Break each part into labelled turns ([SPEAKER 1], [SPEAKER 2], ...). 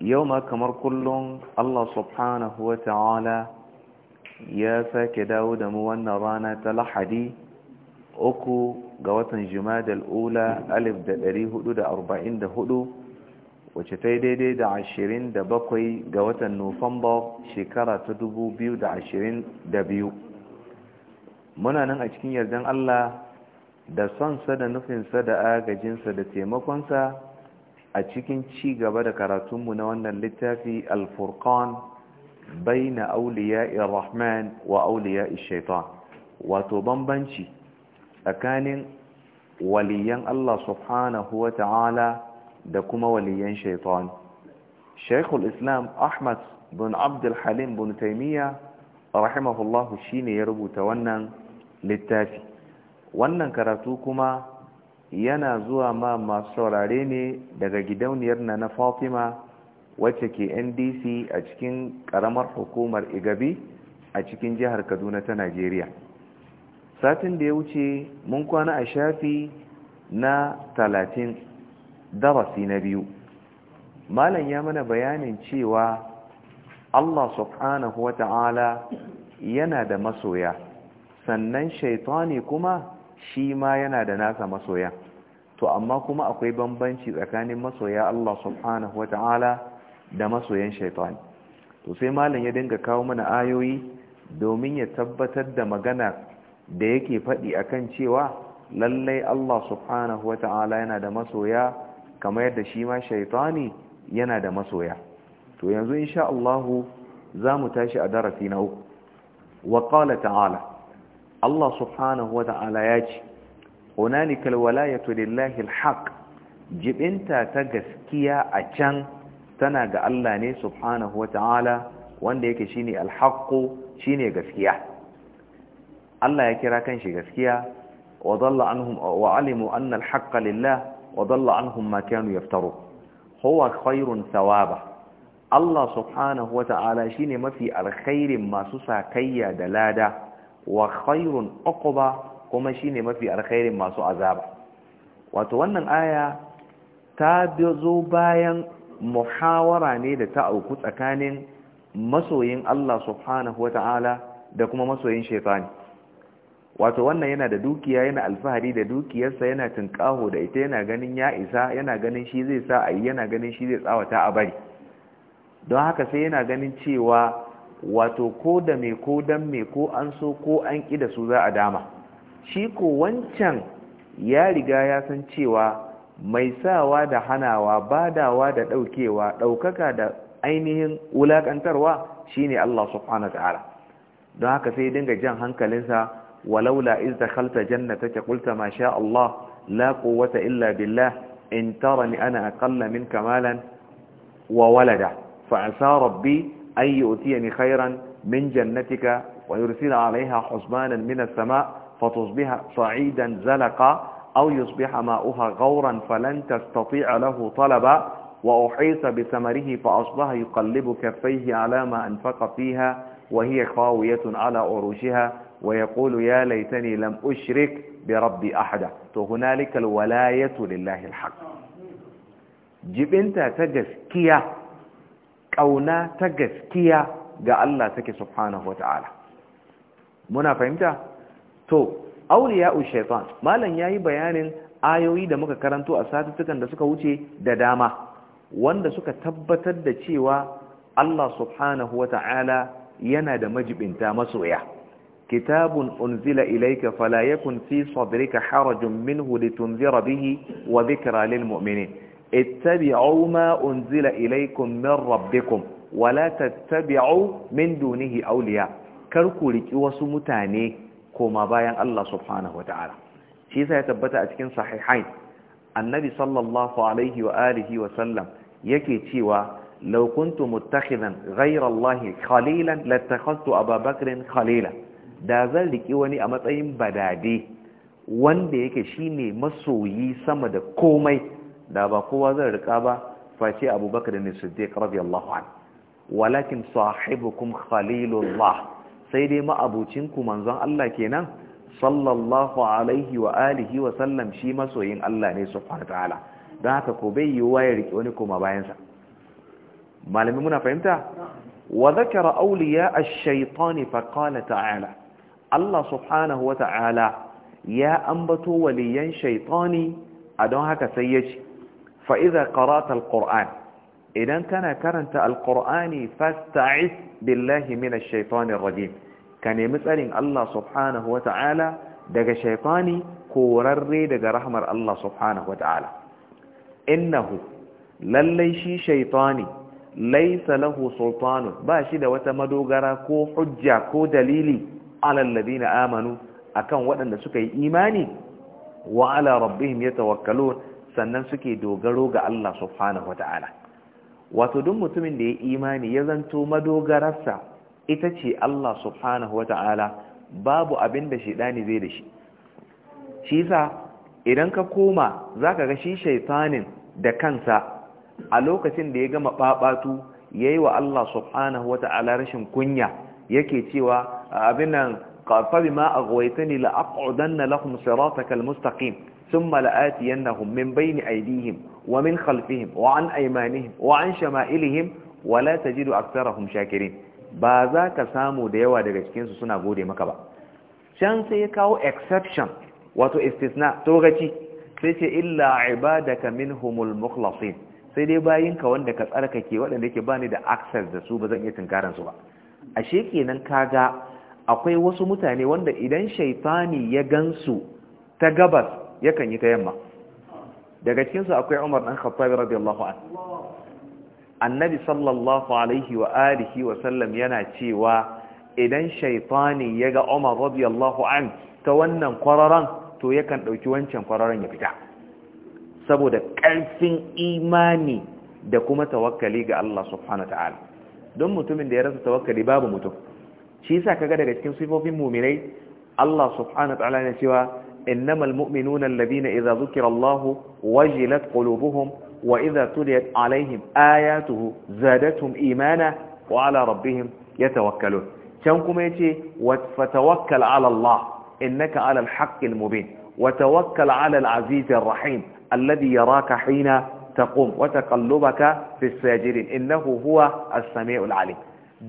[SPEAKER 1] yau ma kamar kullum Allah subhanahu wa ta'ala ya sake dawo da mu wannan rana ta lahadi uku ga watan jimadal ula alif da ɗari hudu da hudu wacce ta yi daidai da ashirin da bakwai ga watan nufamba shekara ta dubu biyu da ashirin da biyu muna nan a cikin yardan Allah da sonsa da nufinsa da agajinsa da taimakonsa a cikin ci gaba da karatunmu na wannan littafi alfurkan bai na auliya irrahman wa auliya shaitan wato bambanci tsakanin waliyan Allah subhanahu wa ta'ala da kuma waliyan shaitan shaikul islam ahmad bin abdulhalim bin taimiyya rahimahullahu shine ya rubuta wannan littafi wannan karatu kuma yana zuwa ma masu saurare ne daga gidauniyar na na fatima wacce ke ndc a cikin karamar hukumar igabi a cikin jihar kaduna ta najeriya satin da ya wuce mun kwana a shafi na talatin darasi na biyu malam ya mana bayanin cewa allah subhanahu wa ta'ala yana da masoya sannan shaitani kuma shi ma yana da nasa masoya to amma kuma akwai bambanci tsakanin masoya Allah subhanahu wata'ala da masoyan shaitan to sai malam ya dinga kawo mana ayoyi domin ya tabbatar da magana da yake faɗi akan cewa lallai Allah subhanahu wata'ala yana da masoya kamar yadda shi ma shaitani yana da masoya to yanzu insha Allah za mu tashi a darasi na uku wa qala ta'ala Allah subhanahu wa ta'ala ya ce hunalikal walayatu lillahi alhaq jibinta ta gaskiya a can tana ga Allah ne subhanahu wa ta'ala wanda yake shine alhaqu shine gaskiya Allah ya kira kanshi gaskiya wa dalla anhum wa alimu anna alhaqqa lillah wa dalla anhum ma kanu yaftaru huwa khairun thawaba Allah subhanahu wa ta'ala shine mafi alkhairin masu sakayya da lada wa khairun uquba kuma shine mafi alkhairin masu azaba wato wannan aya ta zo bayan muhawara ne da ta auku tsakanin masoyin Allah subhanahu wata'ala da kuma masoyin shaitani wato wannan yana da dukiya yana alfahari da dukiyarsa yana tunƙaho da ita yana ganin ya isa yana ganin shi zai sa a yana ganin shi zai tsawata a bari don haka sai yana ganin cewa wato ko da mai ko dan mai ko an so ko an ƙi da su za a dama shi ko wancan ya riga ya san cewa mai sawa da hanawa badawa da ɗaukewa ɗaukaka da ainihin wulaƙantarwa shine Allah subhanahu ta'ala don haka sai dinga jan hankalinsa walaula iz dakhalta jannataka qulta ma sha Allah la quwwata illa billah in tarani ana aqalla minka malan wa walada fa asa rabbi أن يؤتيني خيرا من جنتك ويرسل عليها حسبانا من السماء فتصبح صعيدا زلقا أو يصبح ماؤها غورا فلن تستطيع له طلبا وأحيط بثمره فأصبح يقلب كفيه على ما أنفق فيها وهي خاوية على عروشها ويقول يا ليتني لم أشرك بربي أحدا هنالك الولاية لله الحق جبنت تجسكيه ƙauna ta gaskiya ga Allah take subhanahu wata'ala muna fahimta to auliya'u shaitan malam yi bayanin ayoyi da muka karanto a satuttukan da suka wuce da dama wanda suka tabbatar da cewa Allah subhanahu wata'ala yana da majibinta masoya kitabun unzila ilaika fala yakun fi sadrika harajun minhu litunzira bihi wa dhikra lilmu'minin ittabi'u ma unzila ilaykum min rabbikum wala tattabi'u min dunihi awliya kar ku riki wasu mutane koma bayan Allah subhanahu wata'ala shi yasa ya tabbata a cikin sahihain annabi sallallahu alaihi wa alihi wa sallam yake cewa law kuntu muttakhidan ghayra Allah khalilan latakhadtu Abu Bakr khalila da zan riki wani a matsayin badade wanda yake shine masoyi sama da komai da ba kowa zai rika ba face abubakar ne siddiq radiyallahu an walakin sahibukum khalilullah sai dai ma'abucinku ku manzon Allah kenan sallallahu alaihi wa alihi wa sallam shi masoyin Allah ne subhanahu ta'ala don haka ko bai yi wa ya rike wani kuma bayan sa malami muna fahimta wa zakara awliya ash-shaytan fa qala ta'ala Allah subhanahu wa ta'ala ya ambato waliyan shaytani a don haka sai ya ce fa'iza ƙarata alƙur'an idan kana karanta alƙur'ani fasta'is billahi mina shaitanin rajim ka nemi tsarin Allah subhanahu daga ta'ala daga shaitani korarre daga rahmar Allah subhanahu wa innahu lallai shi shaitani laisa lahu sultanu ba shi da wata madogara ko hujja ko dalili alal ladina amanu akan waɗanda suka yi imani wa ala rabbihim yatawakkalun sannan suke dogaro ga Allah subhanahu wata'ala wato duk mutumin da ya yi imani ya zanto madogararsa ita ce Allah subhanahu wata'ala babu abin da shaidani zai da shi shi sa idan ka koma zaka ga shi shaitanin da kansa a lokacin da ya gama babatu yayi wa Allah subhanahu wata'ala rashin kunya yake cewa abin nan fa ma aghwaytani la aqudanna lahum siratakal mustaqim sun mala'ati yannahum min bayni aidihim wa min khalfihim wa an aymanihim wa an shama'ilihim wa la tajidu aktharahum shakirin ba za ka samu da yawa daga cikin su suna gode maka ba can sai kawo exception wato istisna to gaci sai ce illa ibadaka minhumul mukhlasin sai dai bayin ka wanda ka tsarkake waɗanda yake bani da access da su ba zan iya tunkaran su ba ashe kenan kaga akwai wasu mutane wanda idan shaitani ya gansu ta gabas yakan yi ta yamma daga cikinsu akwai umar ɗan khattabi radiyallahu an annabi sallallahu alaihi wa alihi wa sallam yana cewa idan shaifani ya ga umar radiyallahu an ta wannan kwararan to yakan ɗauki wancan kwararan ya fita saboda ƙarfin imani da kuma tawakkali ga Allah subhanahu wa ta'ala don mutumin da ya rasa tawakkali babu mutum shi yasa kaga daga cikin sifofin mu'minai Allah subhanahu wa ta'ala ne cewa إنما المؤمنون الذين إذا ذكر الله وجلت قلوبهم وإذا تليت عليهم آياته زادتهم إيمانا وعلى ربهم يتوكلون كم يتي فتوكل على الله إنك على الحق المبين وتوكل على العزيز الرحيم الذي يراك حين تقوم وتقلبك في الساجدين إنه هو السميع العليم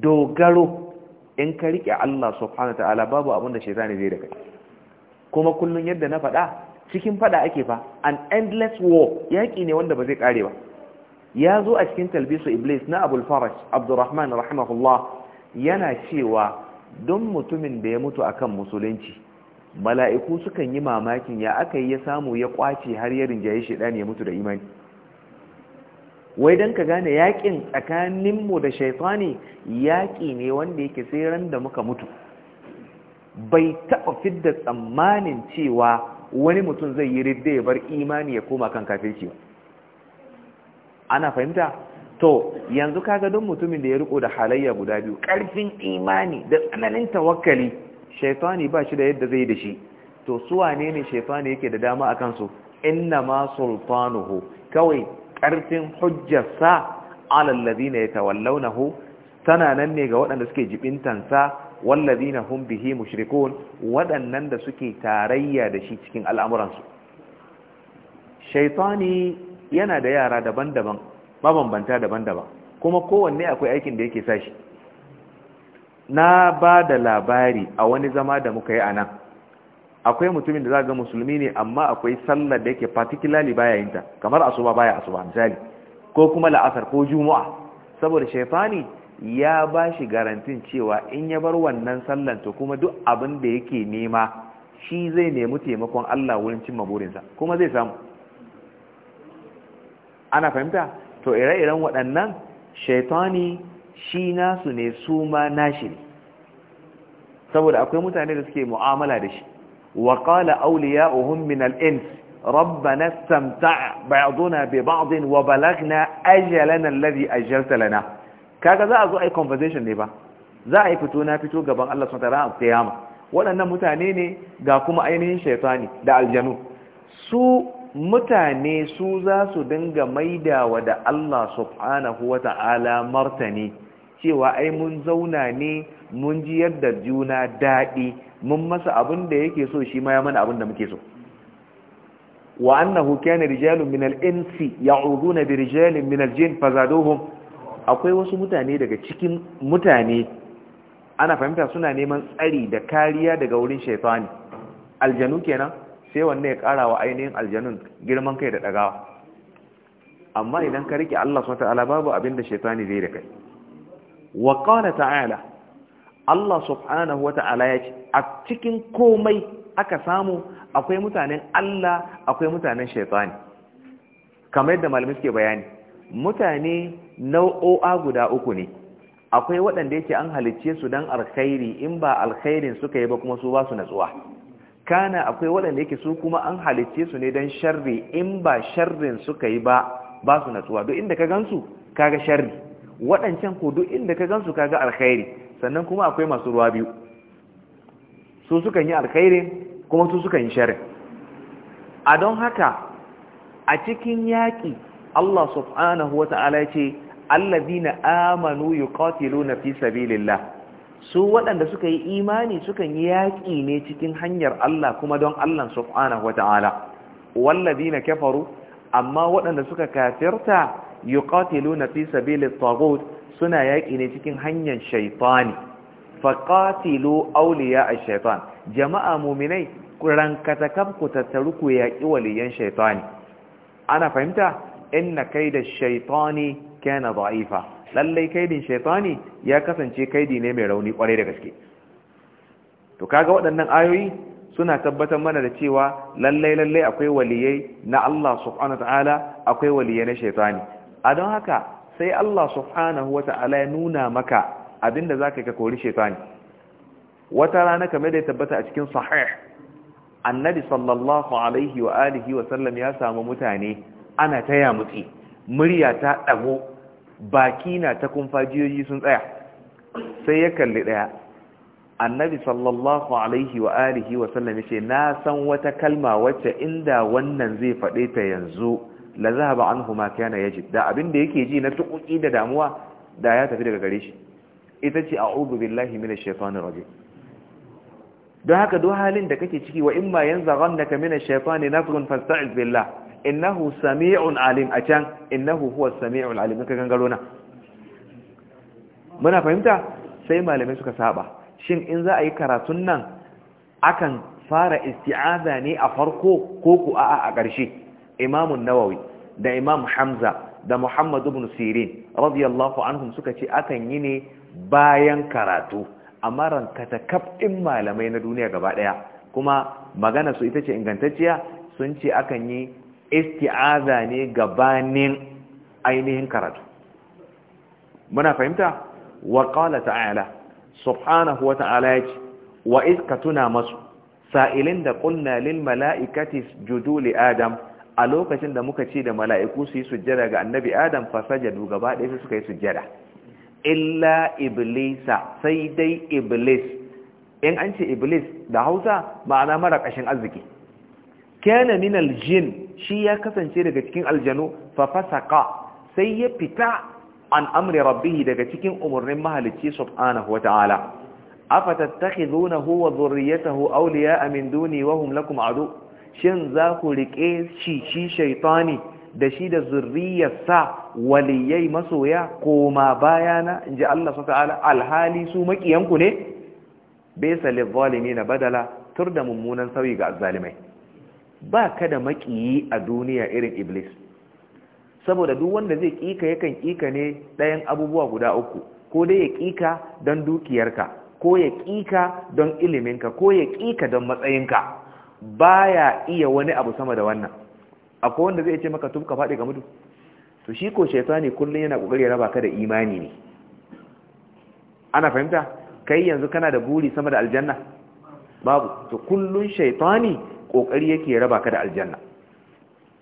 [SPEAKER 1] dogaro in ka rike Allah subhanahu wataala babu abin da shaitani zai da kai kuma kullum yadda na faɗa cikin faɗa ake fa an endless war yaƙi ne wanda ba zai ƙare ba ya zo a cikin talbisu iblis na abul farash abdurrahman rahimahullah yana cewa don mutumin da ya mutu akan musulunci mala'iku sukan yi mamakin ya aka yi ya samu ya kwace har ya rinjaye shaidan ya mutu da imani wai don ka gane yaƙin tsakaninmu da shaifani yaƙi ne wanda yake sai da muka mutu bai taɓa fidda tsammanin cewa wani mutum zai yi ridda ya bar imani ya koma kan kafirci ba ana fahimta to yanzu kaga don mutumin da ya riko da halayya guda biyu ƙarfin imani da tsananin tawakkali shaitani ba shi da yadda zai da shi to su wane ne shaifani yake da dama a kansu inna ma sultanuhu kawai ƙarfin hujjarsa ne ya tawallaunahu. tana nan ne ga waɗanda suke jibintansa wallazina hum bihi mushrikun waɗannan da suke tarayya da shi cikin al'amuransu shaytani yana da yara daban-daban mabambanta daban-daban kuma kowanne akwai aikin da yake sashi na ba da labari a wani zama da muka yi a nan akwai mutumin da za ga musulmi ne amma akwai sallar da yake particularly baya yinta kamar asuba baya asuba misali ko kuma la'asar ko juma'a saboda shaytani ya ba shi garantin cewa in ya bar wannan sallar ta kuma duk abin da yake nema shi zai nemi taimakon Allah wurin cimma burinsa kuma zai samu ana fahimta to ire-iren waɗannan shaitani shi nasu ne su ma nashi ne saboda akwai mutane da suke mu'amala da shi wa qala awliya'uhum min al-ins rabbana istamta' ba'duna bi ba'd wa balagna ajalana ladi a lana kaga za a zo a yi conversation ne ba za a yi fito na fito gaban Allah subhanahu wa ta'ala kiyama waɗannan mutane ne ga kuma ainihin shaitani da aljanu su mutane su za su dinga wa da Allah subhanahu wa ta'ala martani cewa ai mun zauna ne mun ji yadda juna daɗi mun masa abin da yake so shi ma ya mana abin da muke so wa annahu kana rijalun min al-insi ya'uduna bi rijalin min al-jin fazaduhum akwai wasu mutane daga cikin mutane ana fahimta suna neman tsari da kariya daga wurin shaifani aljanu kenan sai wanne ya ƙara wa ainihin aljanun girman kai da dagawa amma idan ka rike Allah subhanahu wataala babu abin da shaitani zai da kai wa qala ta'ala Allah subhanahu wataala ya ce a cikin komai aka samu akwai mutanen Allah akwai mutanen shaifani kamar yadda malamai suke bayani mutane nau'o'a guda uku ne akwai waɗanda yake an halicce su don alkhairi in ba alkhairin suka yi ba kuma su ba su natsuwa kana akwai waɗanda yake su kuma an halicce su ne don sharri in ba sharrin suka yi ba ba su natsuwa duk inda ka gansu kaga sharri waɗancan ko duk inda ka gansu kaga alkhairi sannan kuma akwai masu ruwa biyu su sukan yi alkhairin kuma su sukan yi sharri a don haka a cikin yaƙi Allah subhanahu wa ta'ala ce allazina amanu yuqatiluna fi sabilillah su waɗanda suka yi imani sukan yi yaƙi ne cikin hanyar Allah kuma don Allah subhanahu wata'ala wallazina kafaru amma waɗanda suka kafirta yuqatiluna fi sabilit taghut suna yaƙi ne cikin hanyar shaytani faqatilu awliya ash-shaytan jama'a mu'minai rankata kam ku tattaru ku yaƙi waliyan shaytani ana fahimta inna kaida ash-shaytani kana da'ifa lallai kaidin shaytani ya kasance kaidi ne mai rauni kwarai da gaske to kaga waɗannan ayoyi suna tabbatar mana da cewa lallai lallai akwai waliyai na Allah subhanahu wataala akwai waliyai na shaytani a don haka sai Allah subhanahu wataala ya nuna maka abinda zaka ka kori shaytani wata rana kamar da ya tabbata a cikin sahih annabi sallallahu alaihi wa alihi wa sallam ya samu mutane ana taya mutsi murya ta dago baki na ta kumfajiyoyi sun tsaya sai ya kalli ɗaya annabi sallallahu alaihi wa alihi wa sallam yace na san wata kalma wacce inda wannan zai faɗe ta yanzu la zahaba anhu ma kana yajid da abin da yake ji na tukuki da damuwa da ya tafi daga gare shi ita ce a'udhu billahi minash shaitanir rajim don haka duk halin da kake ciki wa imma yanzaghannaka minash shaitani nazghun fasta'iz billah innahu sami'un alim a can innahu huwa sami'un alim ka gangaro na muna fahimta sai malamai suka saba shin in za a yi karatun nan akan fara isti'aza ne a farko ko ku a'a a ƙarshe imamun nawawi da imam hamza da muhammad ibn sirin radiyallahu anhum suka ce akan yi ne bayan karatu amma rankata kaf malamai na duniya gaba ɗaya kuma magana su ita ce ingantacciya sun ce akan yi isti'aza ne gabanin ainihin karatu muna fahimta wa qala ta'ala subhanahu wa ta'ala yace wa iz katuna masu sa'ilin da qulna lil mala'ikati sujudu li adam a lokacin da muka ce da mala'iku su yi sujjada ga annabi adam fasajadu gaba ɗaya suka yi sujjada illa iblisa sai dai iblis in an ce iblis da hausa ma'ana mara ƙashin arziki kana min aljin shi ya kasance daga cikin aljanu fa fasaka sai ya fita an amri rabbih daga cikin umurnin mahalicci subhanahu wata'ala afatattakhizunahu wa dhurriyyatahu awliya'a min duni wa hum lakum adu shin za ku rike shi shi shaytani da shi da zurriyarsa waliyai masoya koma bayana inji Allah subhanahu alhali su maƙiyanku ne bisa lil na badala tur da mummunan sauyi ga azzalimai ba ka da maƙiyi a duniya irin iblis saboda duk wanda zai ƙika yakan ƙika ne ɗayan abubuwa guda uku ko dai ya ƙika don dukiyarka ko ya kika don iliminka ko ya kika don matsayinka ba ya iya wani abu sama da wannan akwai wanda zai ce maka ka faɗi ga mutu to shi ko shaitani kullum yana ƙoƙari ya raba ka da imani ne ana fahimta kai yanzu kana da buri sama da aljanna babu to kullun shaitani kokari yake raba ka da aljanna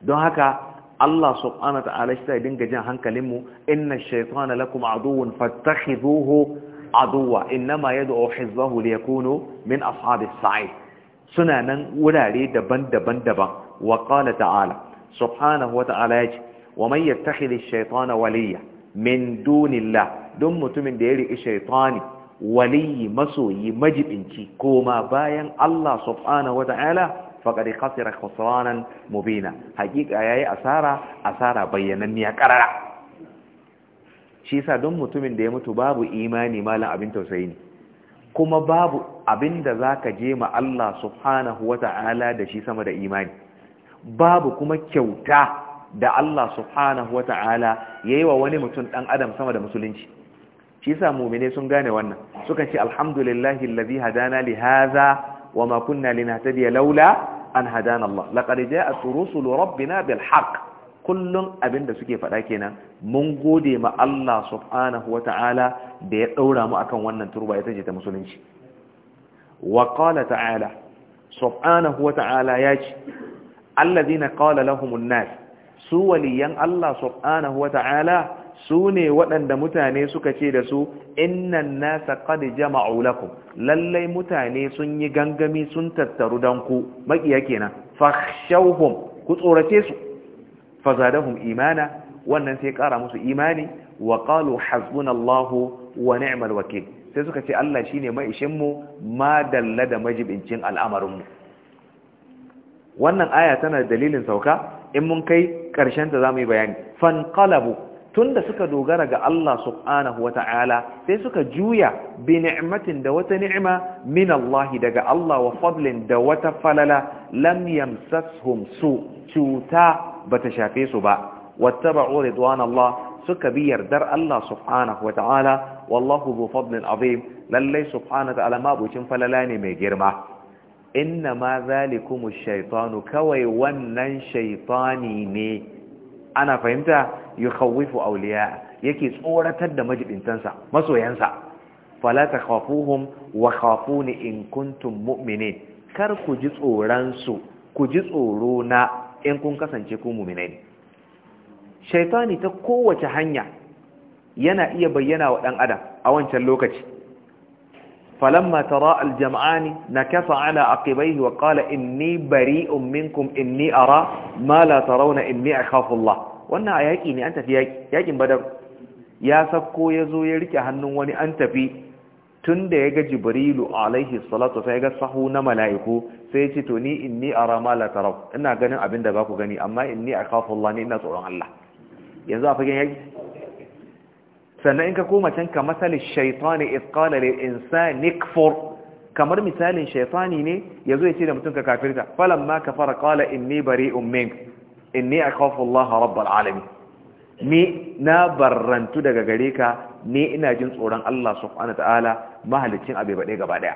[SPEAKER 1] don haka Allah subhanahu ta'ala shi zai dinga jin hankalin mu inna ash-shaytana lakum aduwwun fattakhidhuhu aduwwa inma yad'u hizbahu liyakunu min ashabis sa'id suna nan wurare daban-daban daban wa qala ta'ala subhanahu wa ta'ala yace wa man yattakhidh ash-shaytana waliya min dunillah don mutumin da ya riƙi shaytani waliyi masoyi majibinci koma bayan Allah subhanahu wa ta'ala faqad khasira khusranan mubina hakika yayi asara asara bayyananniya karara shi yasa don mutumin da ya mutu babu imani malam abin tausayi ne kuma babu abin da zaka je ma Allah subhanahu wata'ala da shi sama da imani babu kuma kyauta da Allah subhanahu ya yi wa wani mutum ɗan adam sama da musulunci shi yasa mu'mine sun gane wannan suka ce alhamdulillahi alladhi hadana li hadha وما كنا لنهتدي لولا أن هدانا الله لقد جاءت رسل ربنا بالحق كل أبن دا سكي فلاكينا من قودي ما الله سبحانه وتعالى بيقورا ما أكون وانا تربا يتجد مسلمش وقال تعالى سبحانه وتعالى ياجي الذين قال لهم الناس سوليا الله سبحانه وتعالى su ne waɗanda mutane suka ce da su innan nasa qad jama'u lakum lallai mutane sun yi gangami sun tattaru dan ku makiya kenan fashauhum ku tsorace su fazadahum imana wannan sai ƙara musu imani wa hasbunallahu wa ni'mal wakil sai suka ce Allah shine mai mu ma dalla da majibincin al'amarinmu wannan aya tana dalilin sauka in mun kai ƙarshen ta zamu yi bayani fanqalabu tunda suka dogara ga Allah subhanahu ta'ala, sai suka juya bi da wata ni'ima min Allah daga Allah wa fadlin da wata falala lam yamsashum su cuta bata shafe su ba wattaba'u ridwan Allah suka bi yardar Allah subhanahu ta'ala, wallahu bu fadlin azim lallai subhanahu ta'ala falala ne mai girma inna ma zalikumu shaitanu kawai wannan shaytani ne ana fahimta yukhawifu auliya yake tsoratar da majibintansa masoyansa fala takhafuhum wa khafuni in kuntum mu'minin kar ku ji tsoransu ku ji tsoro na in kun kasance ku mu'minai Shaitani ta kowace hanya yana iya bayyana wa dan adam a wancan lokaci فلما تراءى الجمعان نكف على عقبيه وقال إني بريء منكم إني أرى ما لا ترون إني أخاف الله wannan a yaƙi ne an tafi yaƙin badar ya sakko ya zo ya rike hannun wani an tafi tun da ya ga jibrilu alaihi salatu sai ya ga sahu na mala'iku sai ya ce to ni inni ara ma la ina ganin abin da ba ku gani amma inni akhafu Allah ne, ina tsoron Allah yanzu a fagen yaƙi sannan in ka koma can ka matsalin shaitani ifqala da insa nikfor kamar misalin shaitani ne yazo ya ce da mutum ka kafirta in ne bari umming in ne a kawafin Allah rabbul alamin ni na barrantu daga gare ka ni ina jin tsoron Allah subhanahu ta'ala mahalicin abu bade gaba daya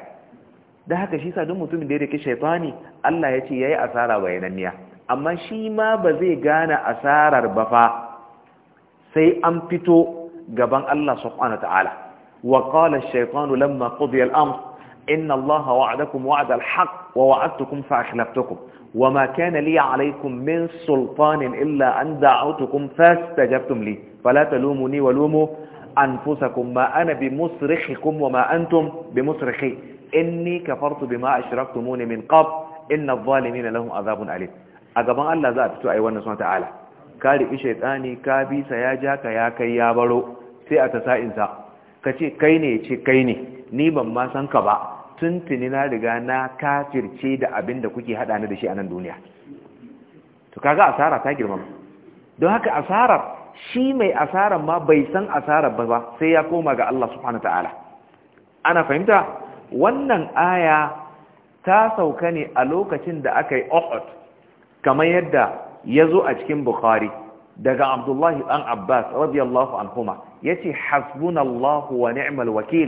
[SPEAKER 1] da haka shi sa duk mutumin da ya rike shaitani Allah ya ce ya yi asara bayananniya amma shi ma ba zai gane asarar ba fa sai an fito جبان الله سبحانه وتعالى وقال الشيطان لما قضي الأمر إن الله وعدكم وعد الحق ووعدتكم فأخلفتكم وما كان لي عليكم من سلطان إلا أن دعوتكم فاستجبتم لي فلا تلوموني ولوموا أنفسكم ما أنا بمصرخكم وما أنتم بمصرخي إني كفرت بما أشركتموني من قبل إن الظالمين لهم عذاب أليم أجبان الله ذات أيوان سبحانه وتعالى كاري إشيطاني كابي سياجاك يا كيابرو sai a tasa'insa ka ce kai ne ce kai ne ni ban ma san ka ba tuntuni na riga na kafirce da abin da kuke haɗa ni da shi a nan duniya to kaga asara ta girmama don haka asarar shi mai asarar ma bai san asarar ba sai ya koma ga Allah subhanahu ta'ala ana fahimta wannan aya ta sauka ne a lokacin da aka yi Uhud kamar yadda ya zo a cikin Bukhari daga Abdullahi dan Abbas radiyallahu anhuma yace hasbunallahu wa ni'mal wakil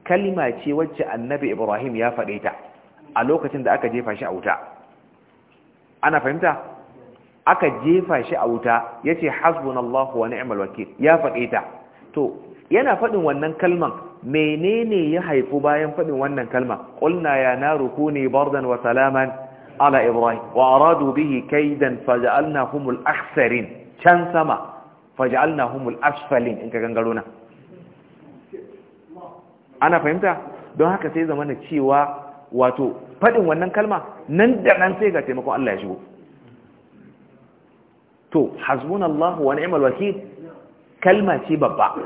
[SPEAKER 1] Kalima ce wacce annabi Ibrahim ya faɗe ta a lokacin da aka jefa shi a wuta ana fahimta aka jefa shi a wuta yace hasbunallahu wa ni'mal wakil ya faɗe ta to yana faɗin wannan kalman menene ya haifu bayan faɗin wannan kalma qulna ya naru kuni bardan wa salaman ala ibrahim wa aradu bihi kaidan faja'alnahum al-akhsarin can sama na humul asfalin in ka gangaro na ana fahimta don haka sai zamana cewa wato faɗin wannan kalma nan da nan sai ga taimakon Allah ya shigo to hasbunallahu wa ni'mal wakil kalma ce babba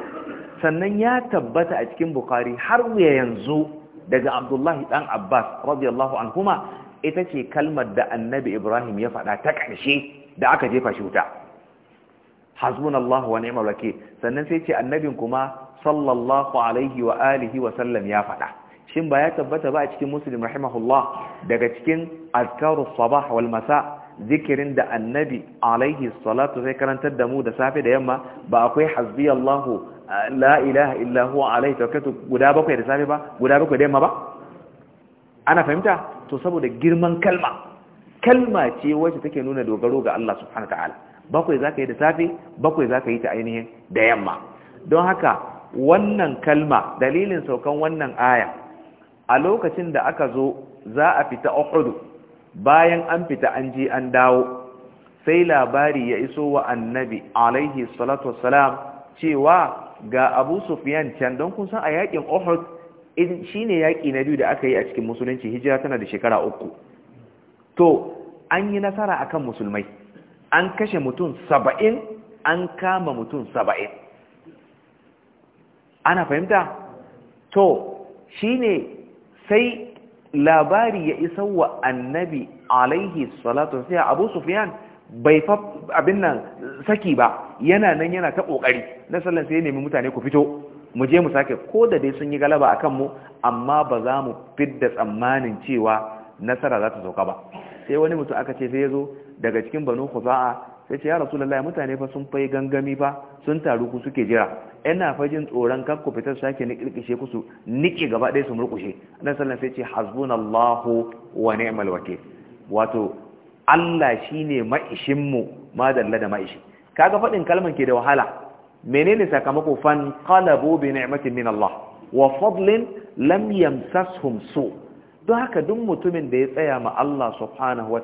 [SPEAKER 1] sannan ya tabbata a cikin bukari har ya yanzu daga abdullahi dan abbas radiyallahu anhuma ita ce kalmar da annabi ibrahim ya faɗa ta ƙarshe da aka jefa shi wuta hasbunallahu wa ni'mal wakeel sannan sai ce annabin kuma sallallahu alaihi wa alihi wa sallam ya faɗa shin ba ya tabbata ba a cikin muslim rahimahullah daga cikin azkarus sabah wal masa zikirin da annabi alaihi salatu sai karantar da mu da safe da yamma ba akwai hasbiyallahu la ilaha illa huwa alaihi tawakkaltu guda bakwai da safe ba guda bakwai da yamma ba ana fahimta to saboda girman kalma kalma ce wacce take nuna dogaro ga Allah subhanahu wa ta'ala bakwai za ka yi da safe bakwai za ka yi ta ainihin da yamma don haka wannan kalma dalilin saukan wannan aya a lokacin da aka zo za a fita okudu bayan an fita an ji an dawo sai labari ya iso wa annabi alaihi salatu wasalam cewa ga abu sufyan can don kun san a yakin uhud shi ne yaƙi na biyu da aka yi a cikin musulunci hijira tana da shekara uku to an yi nasara akan musulmai an kashe mutum saba'in an kama mutum saba'in ana fahimta to shine sai labari ya isa wa annabi alaihi salatu sai abu sufyan bai fa abin nan saki ba yana nan yana ta kokari na sallan sai ya nemi mutane ku fito mu je mu sake ko da dai sun yi galaba akan mu amma ba za mu fidda tsammanin cewa nasara za ta sauka ba sai wani mutum aka ce sai ya zo daga cikin banu khuza'a sai ce ya rasulullahi mutane fa sun fai gangami ba sun taru ku suke jira ina fajin tsoron kar ku fitar sake ni kirkishe ku su nike gaba ɗaya su murkushe annabi sallallahu alaihi sai ce hasbunallahu wa ni'mal wakil wato Allah shine ma'ishin mu ma dalla da ma'ishi kaga fadin kalman ke da wahala menene sakamako fan qalabu bi ni'matin min Allah wa fadlin lam yamsashum su don haka duk mutumin da ya tsaya ma Allah subhanahu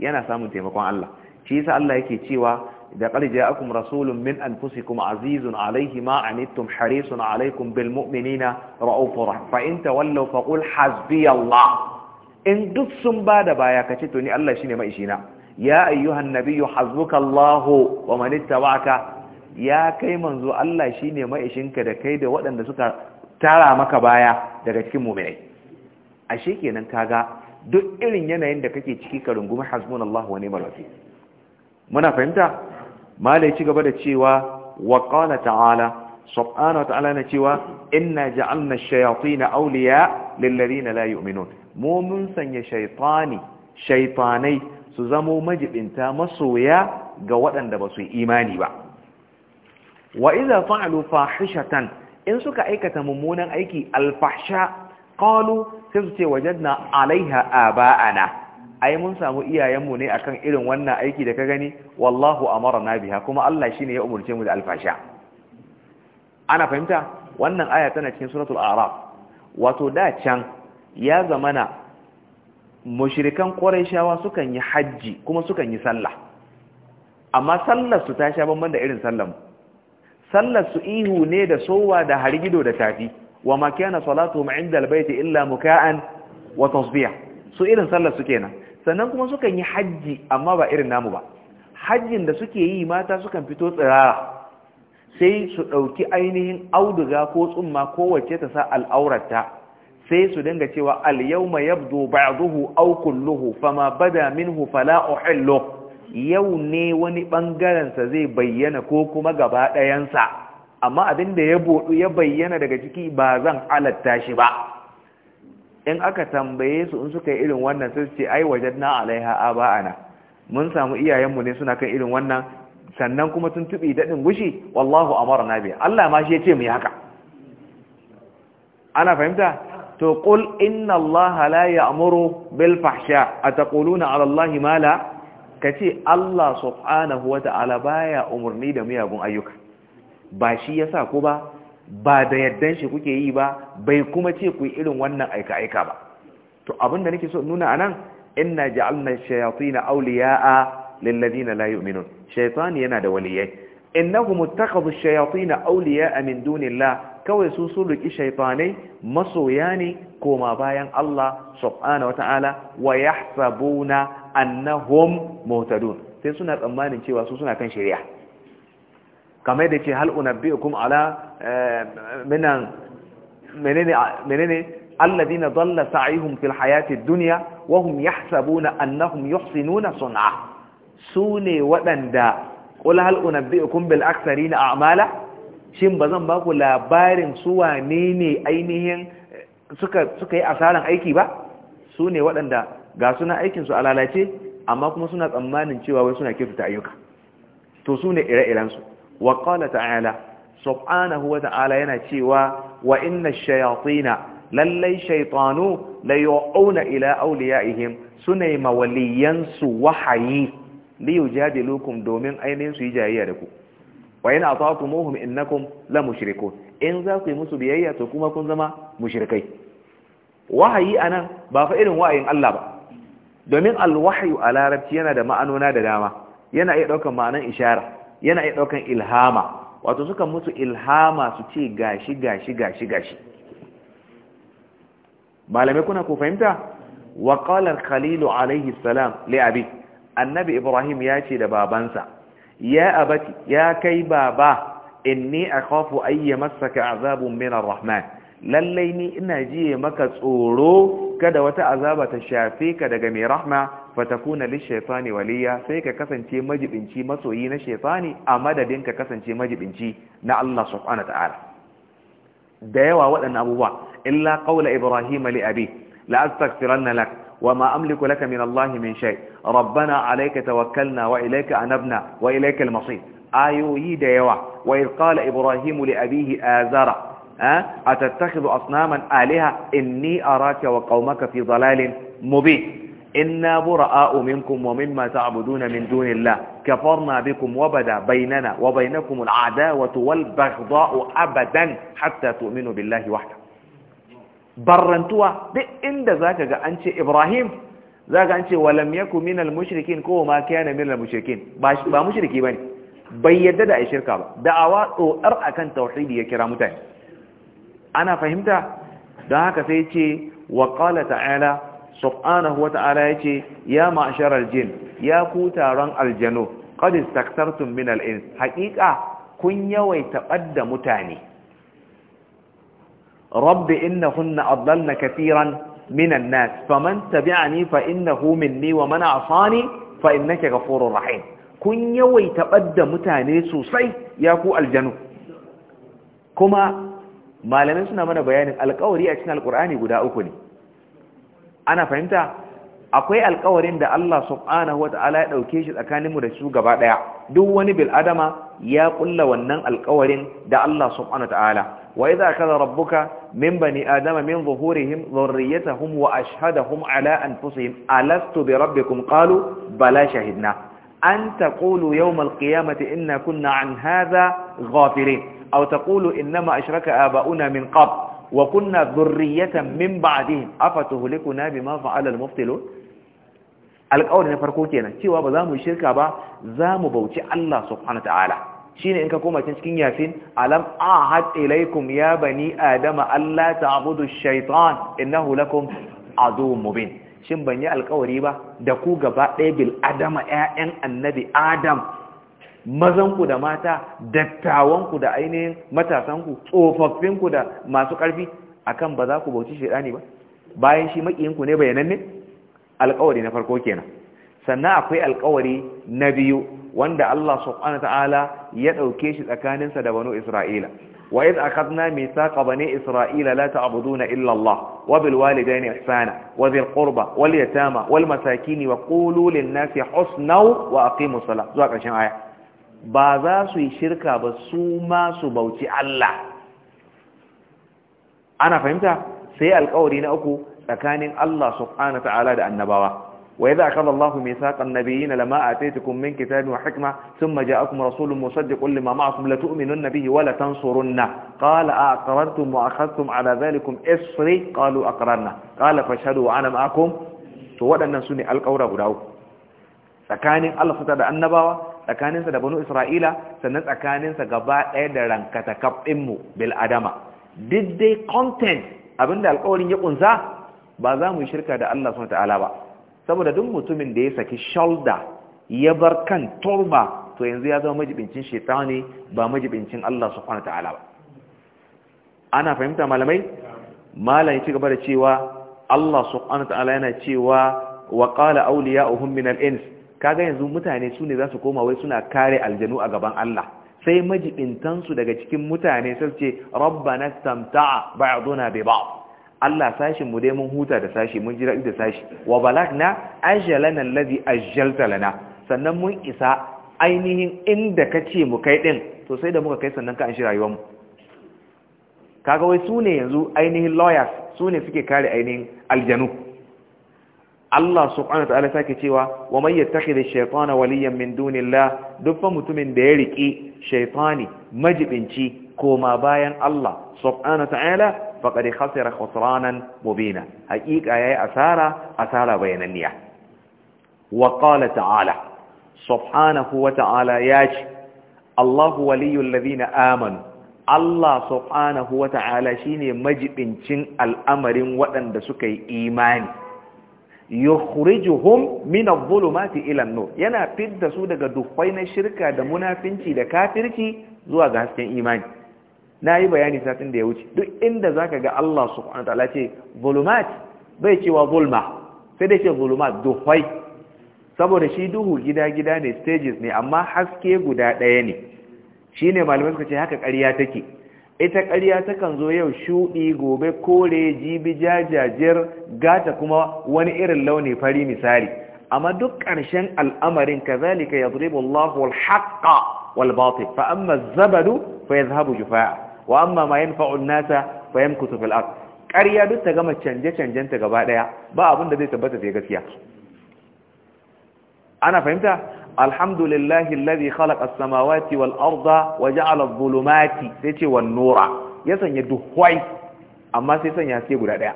[SPEAKER 1] yana samun taimakon Allah shi yasa Allah yake cewa da qad ja'akum rasulun min anfusikum azizun alayhi ma anittum harisun alaykum bil mu'minina ra'ufur fa in tawallaw faqul Allah in duk sun bada baya kace to ni Allah shine mai ishina ya ayyuhan nabiyyu hasbuka Allah wa man ittaba'aka ya kai manzo Allah shine mai ishinka da kai da waɗanda suka tara maka baya daga cikin mu'minai ashe kenan kaga duk irin yanayin da kake ciki ka rungumi hasbunallahu wa ni'mal wakeel muna fahimta malai ci gaba da cewa wa qala ta'ala subhanahu wa ta'ala na cewa inna ja'alna ash-shayatin awliya lil ladina la yu'minun mu mun sanya shaytani shaytanai su zamo majibinta masoya ga waɗanda ba su yi imani ba wa idza fa'alu fahishatan in suka aikata mummunan aiki al-fahsha qalu sai su ce wajadna alaiha aba'ana ai mun samu iyayenmu ne akan irin wannan aiki da ka gani wallahu amarna biha kuma Allah shine ya umurce mu da alfasha ana fahimta wannan aya tana cikin suratul a'raf wato da can ya zamana mushrikan shawa sukan yi hajji kuma sukan yi sallah amma sallar su ta sha banban da irin sallar mu sallar su ihu ne da sowa da hargido da tafi wa ma salatu salatuhum inda albayt illa muka'an wa tasbih su irin sallar su kenan sannan kuma sukan yi haji amma ba irin namu ba hajjin da suke yi mata sukan fito tsirara sai su dauki ainihin auduga ko tsumma ko wacce ta sa al'aurata sai su dinga cewa al-yawma yabdu ba'dahu aw kulluhu fama bada minhu fala uhillu yau ne wani bangaren sa zai bayyana ko kuma gaba sa amma abin da ya bodu ya bayyana daga ciki ba zan alatta shi ba in aka tambaye su in suka yi irin wannan sai ce ai wajadna alaiha aba'ana mun samu iyayenmu ne suna kan irin wannan sannan kuma tun tubi daɗin gushi wallahu amarna nabi Allah ma shi yace mu yi haka ana fahimta to qul inna allaha la ya'muru bil fahsha ataquluna ala allahi ma la kace Allah subhanahu wa ta'ala baya umarni da miyagun ayyuka ba shi ya sa ku ba ba da yaddan shi kuke yi ba bai kuma ce ku irin wannan aika-aika ba to abin da nake so nuna anan inna ja'alna shayatin awliya'a lil ladina la yu'minun shaytan yana da waliyai innahum ittakhadhu shayatin awliya'a min dunillah kawai su sun riki shaytanai masoya ne koma bayan Allah subhanahu wata'ala wa yahsabuna annahum muhtadun sai suna tsammanin cewa su suna kan shari'a kamar da ce hal unabbi'ukum ala eh, minan menene menene alladhina dhalla sa'ihum fil hayati duniya? wa hum yahsabuna annahum yuhsinuna sun'a sune waɗanda qul hal unabbi'ukum bil na a'mala shin bazan ba ku labarin su wane ne ainihin eh, suka yi asaran aiki ba sune waɗanda ga suna aikinsu a lalace? amma kuma suna tsammanin cewa wai suna kirkuta ayyuka to sune ire-irensu wa qala ta'ala subhanahu wa ta'ala yana cewa wa inna shayatina lallai shaytanu la ila awliyaihim sunay mawaliyansu wahayi li yujadilukum domin ainihin su yi jayayya da ku wa in ata'tumuhum innakum la mushrikun in za ku yi musu biyayya to kuma kun zama mushrikai wahayi anan ba fa irin wahayin Allah ba domin alwahyu a larabci yana da ma'anona da dama yana iya ɗaukar ma'anan ishara yana iya ɗaukan ilhama wato suka musu ilhama su ce gashi gashi gashi gashi malamai kuna ku fahimta wa qalar khalilu alaihi salam li abi annabi ibrahim ya ce da babansa ya abati ya kai baba inni akhafu ay masaka azabun minar rahman lallai ni ina jiye maka tsoro kada wata azaba ta shafe ka daga mai rahma fatakuna lishaitani waliyya sai ka kasance majibinci masoyi na shaitani a madadin ka kasance majibinci na Allah subhanahu wataala da yawa wadannan abubuwa illa qaula ibrahim li abi la astaghfiranna lak wa ma amliku lak min allahi min shay rabbana alayka tawakkalna wa ilaika anabna wa ilayka almasir ayuyi da yawa wa id qala ibrahim li abihi azara atattakhidhu asnaman alaha inni araka wa qaumaka fi dhalalin mubin إنا براء منكم ومما تعبدون من دون الله كفرنا بكم وبدا بيننا وبينكم العداوة والبغضاء أبدا حتى تؤمنوا بالله وحده برنتوا بإن ذاك أنت إبراهيم ذاك أنت ولم يكن من المشركين كو ما كان من المشركين باش با مشركي بني بيدد أي شركة دعوات أو توحيد يا كرامتين أنا فهمت ذاك سيتي وقال تعالى subhanahu wa ta'ala yace ya ma'sharal jin ya ku taron aljanu qad istaktartum min al-ins haqiqa kun yawaita badda mutane rabbi innahunna adallna katiran min an-nas faman tabi'ani fa innahu minni wa man asani fa innaka ghafurur rahim kun yawaita badda mutane sosai ya ku aljanu kuma malamai suna mana bayanin alƙawari a cikin alƙur'ani guda uku ne ana fahimta akwai alkawarin da Allah subhanahu ya dauke shi tsakaninmu da su gaba daya duk wani bil adama ya kulla wannan alkawarin da Allah subhanahu wata'ala wa idza kaza rabbuka min bani adama min zuhurihim dhurriyyatahum wa ashhadahum ala anfusihim alastu bi rabbikum qalu bala shahidna an taqulu yawm alqiyamati inna kunna an hadha ghafirin aw taqulu innama ashraka aba'una min qabl wa kunna dhurriyatan min ba'dihim afatuhlikuna bima fa'ala al alƙawari na farko kenan cewa ba za mu shirka ba za mu bauci Allah subhanahu ta'ala shine in ka koma cikin yasin alam ahad ilaikum ya bani adama Allah ta'budu ash-shaytan innahu lakum aduwwun mubin shin ban yi alƙawari ba da ku gaba ɗaya bil adama ƴaƴan annabi adam mazanku da mata dattawanku da ainihin matasanku tsofaffinku da masu ƙarfi akan ba za ku bauci shaidani ba bayan shi ku ne ne? alƙawari na farko kenan sannan akwai alƙawari na biyu wanda Allah subhanahu ta'ala ya ɗauke shi tsakaninsa da banu Isra'ila wa iz akhadna mithaqa bani Isra'ila la ta'buduna illa Allah wa bil walidayni ihsana wa dhil qurba wal yatama wal masakin wa qulu lin nasi husna wa aqimus salat zuwa ƙarshen aya ba za su yi shirka ba su ma su bauci Allah ana fahimta sai alkawari na uku tsakanin Allah subhanahu ta'ala da annabawa wa idza akhadha Allahu mithaqan nabiyyin lama ataytukum min kitabin wa hikma thumma ja'akum rasulun musaddiqun lima ma'akum la tu'minunna bihi wa la tansurunna qala aqrartum wa akhadhtum ala dhalikum isri qalu aqrarna qala fashhadu wa ana ma'akum to wadannan sune alkawra guda uku tsakanin Allah subhanahu da annabawa tsakaninsa da banu isra'ila sannan tsakaninsa gaba ɗaya da rankatakaɓinmu bil adama content abinda alkawarin ya ƙunsa ba za mu yi shirka da Allah suna ta'ala ba saboda duk mutumin da ya saki shalda ya bar kan turba to yanzu ya zama majibincin shetani ba majibincin Allah suna ta'ala ba ana fahimta malamai malam ya ci gaba da cewa Allah suna ta'ala yana cewa wa auliya awliya'uhum min al-ins kaga yanzu mutane su ne za su koma wai suna kare aljanu a gaban Allah sai majibintansu daga cikin mutane sai ce rabbana tamta'a ba'duna bi ba'd Allah sashin mu dai mun huta da sashi mun jira da sashi wa balagna ajalana allazi ajjalta lana sannan mun isa ainihin inda kace mu kai din to sai da muka kai sannan ka an shi rayuwar mu kaga wai su ne yanzu ainihin lawyers su ne suke kare ainihin aljanu Allah subhanahu ta'ala sake cewa wa may yattakhidh ash-shaytana waliyan min dunillah duk fa mutumin da ya riki shaytani majibinci koma bayan Allah subhanahu ta'ala faqad khasira khusranan mubina haqiqa yayi asara asara bayananniya wa qala ta'ala subhanahu wa ta'ala yaji Allah waliyul ladina amanu Allah subhanahu ta'ala shine majibincin al'amarin waɗanda suka yi imani yukhrijuhum min adh-dhulumati ila an-nur yana fidda su daga dukkai na shirka da munafinci da kafirci zuwa ga hasken imani nayi bayani satin da ya wuce duk inda zaka ga Allah subhanahu wa ta'ala ce zulumat bai cewa zulma sai dai ce zulumat dukkai saboda shi duhu gida-gida ne stages ne amma haske guda ɗaya ne shine malamai suka ce haka ƙarya take ita ƙarya takan zo yau shuɗi gobe kore jibi jajajir gata kuma wani irin launi fari misali amma duk ƙarshen al'amarin kazalika yadribu Allahu al-haqqa wal batil fa amma zabadu fa yadhhabu wa amma ma yanfa'u nasa fa yamkutu fil ƙarya duk ta gama canje canjenta gaba ɗaya ba abin da zai tabbata zai gaskiya ana fahimta alhamdulillahi alladhi khalaqa as-samawati wal arda wa ja'ala adh-dhulumati sai ce wan nura ya sanya duhwai amma sai sanya haske guda daya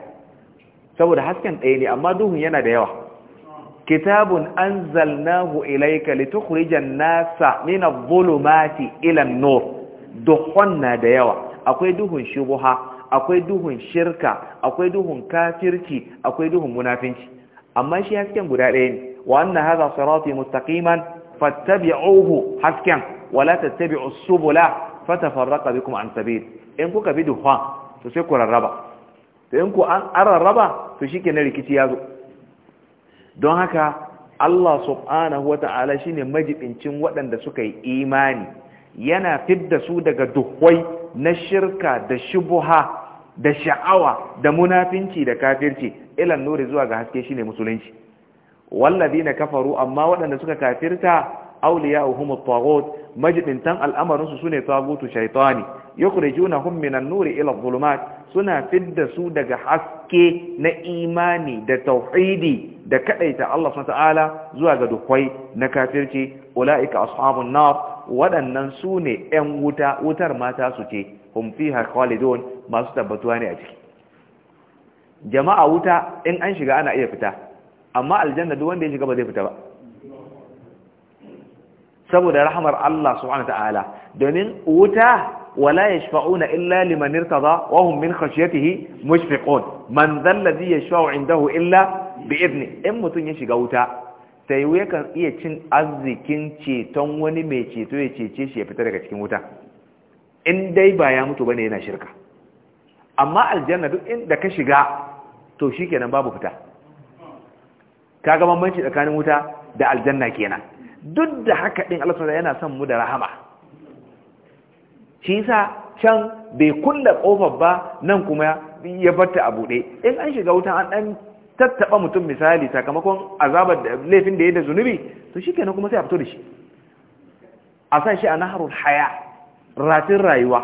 [SPEAKER 1] saboda hasken daya ne amma duhun yana da yawa kitabun anzalnahu ilayka litukhrijan nasa min adh-dhulumati ila an-nur duhun na da yawa akwai duhun shubuha akwai duhun shirka akwai duhun kafirci akwai duhun munafinci amma shi hasken guda daya ne وأن هذا صراطي مستقيما فاتبعوه حسكا ولا تتبعوا السبل فتفرق بكم عن سبيل إن كوكا بدفا تسكر الربا فإن كو أرى الربا تشيك نريكتي يازو don haka Allah subhanahu wa ta'ala shi ne majibincin waɗanda suka yi imani yana fidda su daga dukwai na shirka da shubuha da sha'awa da munafinci da kafirci ilan nuri zuwa ga haske shi ne musulunci na kafaru amma waɗanda suka kafirta awliya'uhum at-taghut majibintan al'amarinsu sune tagutu shaytani yukhrijunahum minan nuri ila adh-dhulumat suna fidda su daga haske na imani da tauhidi da kadaita Allah subhanahu ta'ala zuwa ga dukwai na kafirci ulaika ashabun nar waɗannan sune yan wuta wutar mata su ce hum fiha khalidun masu tabbatuwa ne a ciki jama'a wuta in an shiga ana iya fita amma aljanna duk wanda ya shiga ba zai fita ba saboda rahmar Allah subhanahu ta'ala domin wuta wala yashfa'una illa liman irtada wa hum min khashyatihi mushfiqun man dhal ladhi yashfa'u indahu illa bi idni in mutun ya shiga wuta sai wuya kan iya cin arzikin ceton wani mai ceto ya cece shi ya fita daga cikin wuta in dai ba ya mutu bane yana shirka amma aljanna duk inda ka shiga to shikenan babu fita kaga bambanci tsakanin wuta da aljanna kenan duk da haka ɗin Allah subhanahu yana son mu da rahama shi yasa can bai kulla kofar ba nan kuma ya barta a bude in an shiga wuta an ɗan tattaba mutum misali sakamakon azabar da laifin da ya da zunubi to shikenan kuma sai a fito da shi a san shi a naharul haya ratin rayuwa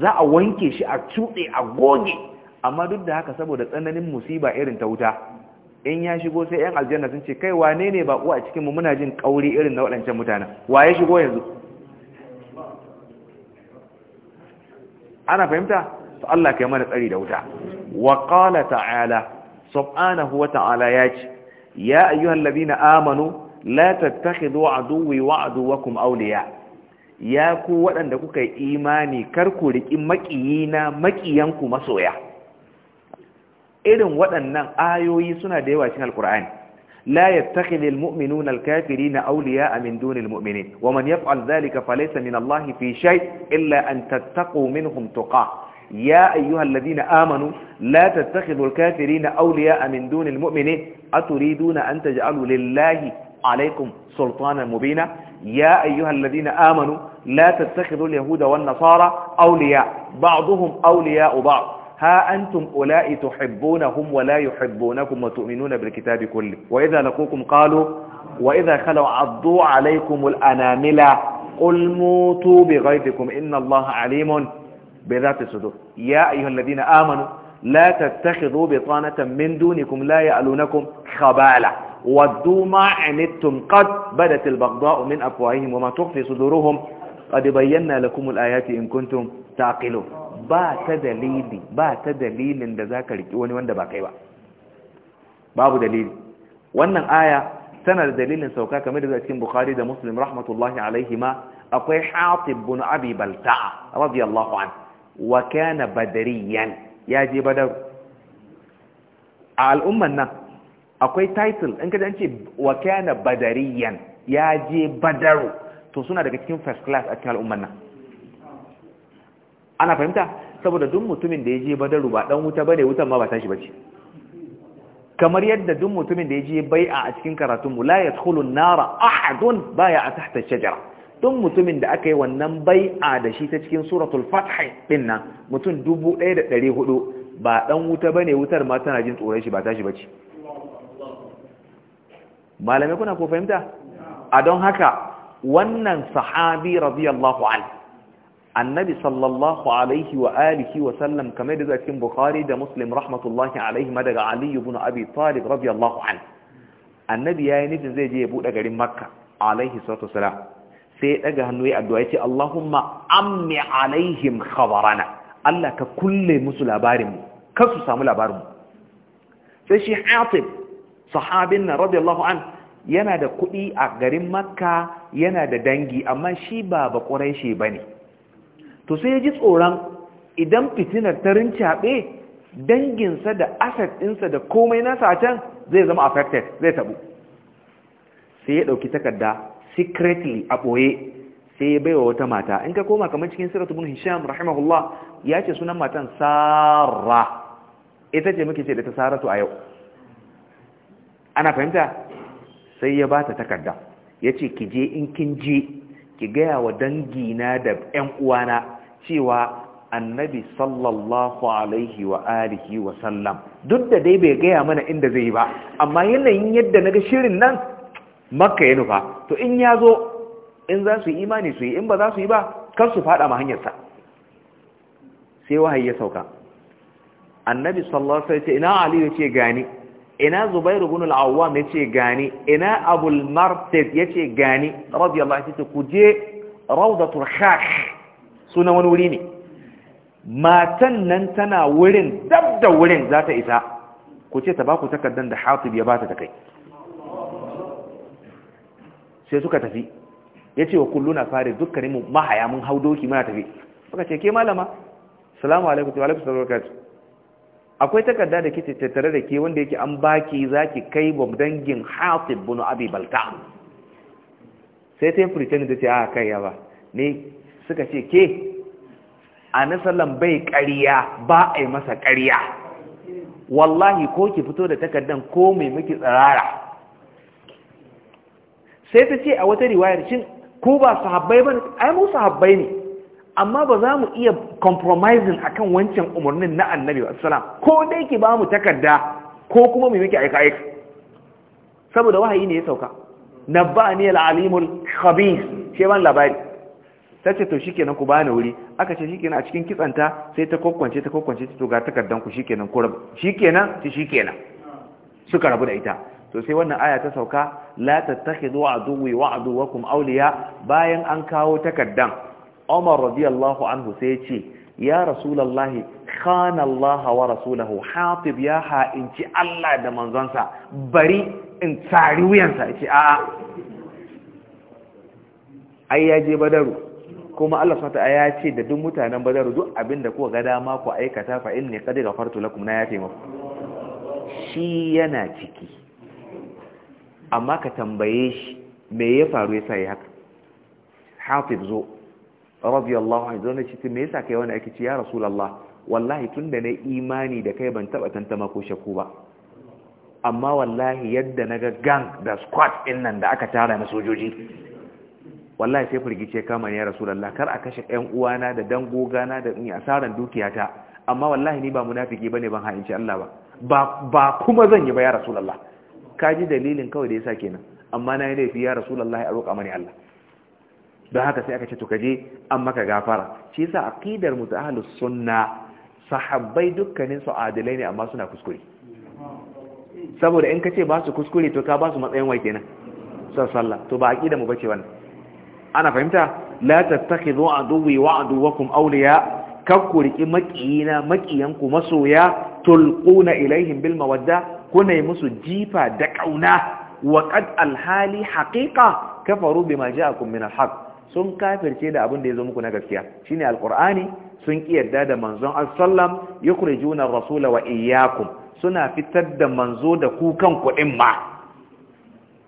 [SPEAKER 1] za a wanke shi a cuɗe a goge amma duk da haka saboda tsananin musiba irin ta wuta in ya shigo sai yan aljanna sun ce kai wane ne kuwa a cikinmu muna jin ƙauri irin na waɗancan mutanen wa ya shigo yanzu ana fahimta to Allah kai mana tsari da wuta wa ƙala ta'ala subhanahu wa ta'ala ya ce ya ayyuhan ladina amanu la tattakhidhu aduwwi wa awliya ya ku waɗanda kuka yi imani kar ku riƙi maƙiyina maƙiyanku masoya irin waɗannan ayoyi suna da yawa cikin alkur'ani la yattakhidhul mu'minuna alkafirina kafirina awliya'a min dunil mu'minin wa man yaf'al dhalika falaysa min allahi fi shay illa an tattaqu minhum tuqa ya ayyuhalladhina amanu la tattakhidhul alkafirina awliya'a min dunil mu'minin aturiduna an taj'alu lillahi alaykum sultanan mubina ya ayyuhalladhina amanu la tattakhidhul yahuda wan nasara awliya ba'dhum awliya'u ba'd ها أنتم أولئي تحبونهم ولا يحبونكم وتؤمنون بالكتاب كله وإذا لقوكم قالوا وإذا خلوا عضوا عليكم الأنامل قل موتوا بغيظكم إن الله عليم بذات الصدور يا أيها الذين آمنوا لا تتخذوا بطانة من دونكم لا يألونكم خبالة ودوا ما عنتم قد بدت البغضاء من أفواههم وما تخفي صدورهم قد بينا لكم الآيات إن كنتم تعقلون ba ta dalili ba ta dalilin da za ka riƙi wani wanda ba kai ba babu dalili wannan aya tana da dalilin sauka kamar da cikin bukhari da muslim rahmatullahi alaihima akwai hatib bin abi balta'a radiyallahu an wa kana badariyan ya je badar a al'umman nan akwai title in ka ce wa kana badariyan ya je badaru to suna daga cikin first class a cikin al'umman nan ana fahimta saboda duk mutumin da ya je badaru ba dan wuta bane wutan ma ba tashi bace kamar yadda duk mutumin da ya je bai'a a cikin karatun mu la yadkhulu nara ahadun baya a tahta shajara duk mutumin da aka yi wannan bai'a da shi ta cikin suratul fath din mutum 1400 ba dan wuta bane wutar ma tana jin tsoron shi ba tashi bace malamai kuna ko fahimta a don haka wannan sahabi radiyallahu anhu annabi sallallahu alaihi wa alihi wa sallam kamar da zakin bukhari da muslim rahmatullahi alaihi ma daga ali ibn abi talib radiyallahu an annabi yayi nufin zai je ya bude garin makka alaihi salatu wasalam sai ya daga hannu ya addu'a yace allahumma ammi alaihim khabarana Allah ka kulle musu labarin mu su samu labarin mu sai shi atib sahabin radiyallahu an yana da kuɗi a garin makka yana da dangi amma shi ba ba ƙurai shi bane to sai ya ji tsoron idan fitinar ta rincabe danginsa da asadinsa ɗinsa da komai na satan zai zama affected zai tabu sai ya ɗauki takarda secretly a ɓoye sai ya baiwa wata mata in ka koma kamar cikin siratu bin hisham rahimahullah ya ce sunan matan sara ita ce muke ce da ta saratu a yau ana fahimta sai ya ba ta takarda ya ce ki je in kin je ki gaya wa dangina da 'yan uwana cewa annabi sallallahu alaihi wa alihi wa sallam duk da dai bai gaya mana inda zai yi ba amma yanayin yadda ga shirin nan makka ya nufa to in ya zo in za su yi imani su yi in ba za su yi ba kan su fada ma hanyarsa sai wahayi ya sauka annabi sallallahu alaihi wa sallam ina ali yace gani ina zubairu ibn al-awwam yace gani ina abul yace gani radiyallahu anhu ku je rawdatul khakh sunan wani wuri ne matan nan tana wurin dab da wurin za ta isa ku ce ta ba ku takardar da hatib ya ba ta kai sai suka tafi ya ce wa kulluna fari dukkanin mu mahaya mun hau doki mana tafi suka ce ke malama salamu alaikum wa alaikum salamu alaikum akwai takarda da kike tattare da ke wanda yake an baki zaki kai wa dangin hatib bin abi balta sai ta yi furtani da ce a kai ya ba suka ce ke a nasalan bai kariya. ba a yi masa kariya. wallahi ko ki fito da takardan ko mai miki tsirara sai ta ce a wata riwayar shin ko ba sahabbai ba ai mu sahabbai ne amma ba za mu iya compromising akan wancan umarnin na annabi wasallam ko dai ki ba mu takarda ko kuma mai miki aika aika saboda wahayi ne ya sauka nabba ne al-alimul khabir shi ban labari ta ce to shikenan ku bani wuri aka ce shikenan a cikin kitsanta sai ta kokkwance ta kokkwance ta to takardan ku shikenan ku rabu shikenan ta shikenan suka rabu da ita to sai wannan aya ta sauka la tattakhidhu aduwwi wa aduwwakum awliya bayan an kawo takardan Umar radiyallahu anhu sai ce ya rasulullahi khana Allah wa rasulahu hatib ya ha Allah da manzonsa bari in tsari wuyansa ya a'a ai ya je badaru kuma Allah ya ce da duk mutanen badaru duk abinda kuka ga dama ku aikata fa ne qad ghafartu lakum na yafe muku shi yana ciki amma ka tambaye shi me ya faru yasa yi haka hafiz zo radiyallahu anhu ne shi me yasa kai wani ake ya rasulullah wallahi tunda na imani da kai ban taba tantama ko shaku ba amma wallahi yadda naga gang da squad din nan da aka tara na sojoji wallahi sai ya kama ne ya rasulullah kar a kashe ƴan uwana da na da in asaran dukiyata amma wallahi ni ba munafiki bane ban hainci Allah ba ba kuma zan yi ba ya rasulullah kaji dalilin kawai da yasa kenan amma na yi laifi ya rasulullah a roƙa mani Allah don haka sai aka ce to kaje an maka gafara shi yasa aqidar mu ta ahlus sunna sahabbai dukkanin su adilai ne amma suna kuskure saboda in kace ba su kuskure to ka ba su matsayin wai kenan sallallahu to ba aqida mu bace wannan ana fahimta la tattakhidhu aduwwi wa aduwwakum awliya kakku riki makiyina makiyanku masoya tulquna ilaihim bil mawadda kuna musu jifa da kauna wa qad al hali haqiqa kafaru bima ja'akum min al haqq sun kafirce da abin da yazo muku na gaskiya shine alqur'ani sun ki kiyarda da manzon sallam yukhrijuna ar-rasula wa iyyakum suna fitar da manzo da ku kan kuɗin ma